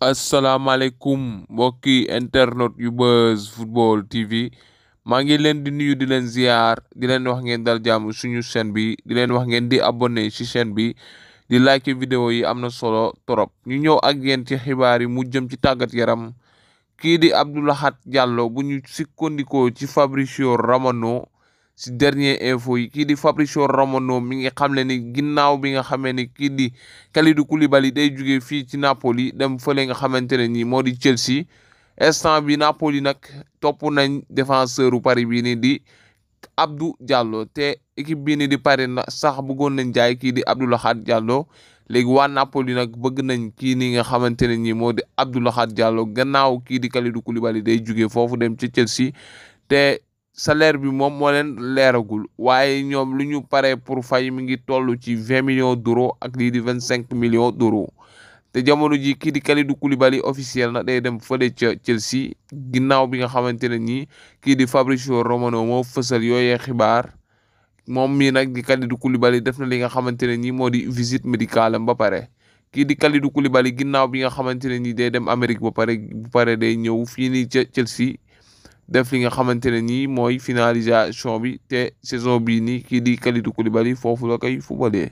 asalaamaaleykum mbokki internet yu Buzz Football TV maa ngi leen di nuyu di leen ziar di leen wax ngeen dal jàmm suñu chaîne bi di leen wax ngeen di abonné si chaîne bi di like vidéo yi am na solo trop ñu ñëw ak yéen ci xibaar yi mu jëm ci tàggat yaram kii di Abdou Lahad Diallo bu ñu sikkandikoo ci Fabrizio Romano si dernier info yi kii di Fabrizio Romano mi ngi xam le ni ginnaaw bi nga xamee ni kii di Kalidou Koulibaly day jóge fii ci Napoli dem fële nga xamante ne nii moo di Chelsea instant bi Napoli nag topp nañ défenseur u Paris bii nii di Abdou Diallo te équipe bi nii di Paris na sax bëggoon nañ jaay kii di Abdou Lahad Diallo léegi waa Napoli nag bëgg nañ kii nii nga xamante ne nii moo di Abdou Lahad Diallo gannaaw kii di Kalidou Koulibaly day jóge foofu dem ci Chelsea te salaire bi moom moo leen leeragul waaye ñoom lu ñu paree pour fayi mi ngi toll ci vingt million d'euros ak lii di vingt cinq million d'euros te jamono ji kii di Kalidou Koulibaly officiel na day dem fële ca Chelsea ginnaw bi nga xamante ne nii kii di Fabrizio Romano moo fësal yooyee xibaar moom mii nag di Kalidou def na li nga xamante ne nii moo di visite médicale ba pare kii di Kalidou Koulibaly ginnaaw bi nga xamante ne nii day dem Amérique ba pare ba pare day ñëw fii nii ca Chelsea def li nga xamante ne nii mooy finalisation bi te saison bii nii kii di Kalidou Koulibaly foofu la koy fubalee